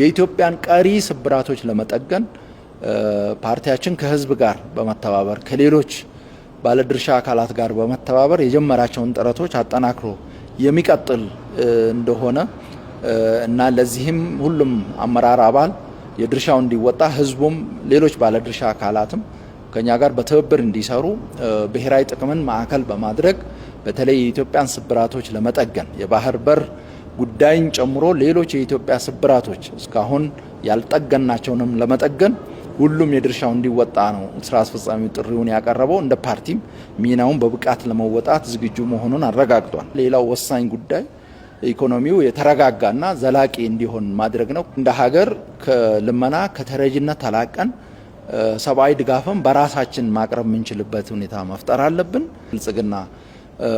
የኢትዮጵያን ቀሪ ስብራቶች ለመጠገን ፓርቲያችን ከህዝብ ጋር በመተባበር ከሌሎች ባለድርሻ አካላት ጋር በመተባበር የጀመራቸውን ጥረቶች አጠናክሮ የሚቀጥል እንደሆነ እና ለዚህም ሁሉም አመራር አባል የድርሻው እንዲወጣ ህዝቡም ሌሎች ባለድርሻ አካላትም ከኛ ጋር በትብብር እንዲሰሩ ብሔራዊ ጥቅምን ማዕከል በማድረግ በተለይ የኢትዮጵያን ስብራቶች ለመጠገን የባህር በር ጉዳይን ጨምሮ ሌሎች የኢትዮጵያ ስብራቶች እስካሁን ያልጠገናቸውንም ለመጠገን ሁሉም የድርሻው እንዲወጣ ነው ስራ አስፈጻሚ ጥሪውን ያቀረበው። እንደ ፓርቲም ሚናውን በብቃት ለመወጣት ዝግጁ መሆኑን አረጋግጧል። ሌላው ወሳኝ ጉዳይ ኢኮኖሚው የተረጋጋና ዘላቂ እንዲሆን ማድረግ ነው። እንደ ሀገር ከልመና ከተረጅነት ተላቀን ሰብአዊ ድጋፍም በራሳችን ማቅረብ የምንችልበት ሁኔታ መፍጠር አለብን። ብልጽግና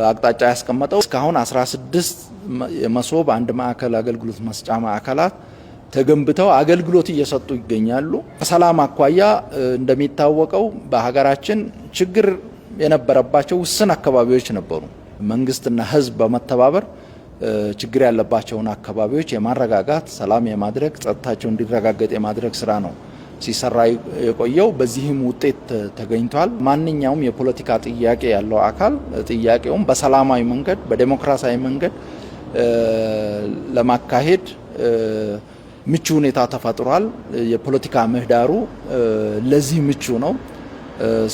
አቅጣጫ ያስቀመጠው እስካሁን 16 የመሶብ አንድ ማዕከል አገልግሎት መስጫ ማዕከላት ተገንብተው አገልግሎት እየሰጡ ይገኛሉ። ከሰላም አኳያ እንደሚታወቀው በሀገራችን ችግር የነበረባቸው ውስን አካባቢዎች ነበሩ። መንግስትና ህዝብ በመተባበር ችግር ያለባቸውን አካባቢዎች የማረጋጋት ሰላም የማድረግ ጸጥታቸው እንዲረጋገጥ የማድረግ ስራ ነው ሲሰራ የቆየው በዚህም ውጤት ተገኝቷል። ማንኛውም የፖለቲካ ጥያቄ ያለው አካል ጥያቄውም በሰላማዊ መንገድ በዴሞክራሲያዊ መንገድ ለማካሄድ ምቹ ሁኔታ ተፈጥሯል። የፖለቲካ ምህዳሩ ለዚህ ምቹ ነው።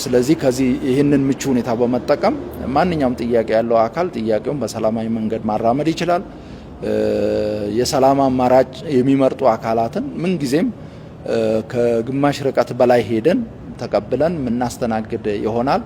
ስለዚህ ከዚህ ይህንን ምቹ ሁኔታ በመጠቀም ማንኛውም ጥያቄ ያለው አካል ጥያቄውን በሰላማዊ መንገድ ማራመድ ይችላል። የሰላም አማራጭ የሚመርጡ አካላትን ምንጊዜም ከግማሽ ርቀት በላይ ሄደን ተቀብለን የምናስተናግድ ይሆናል።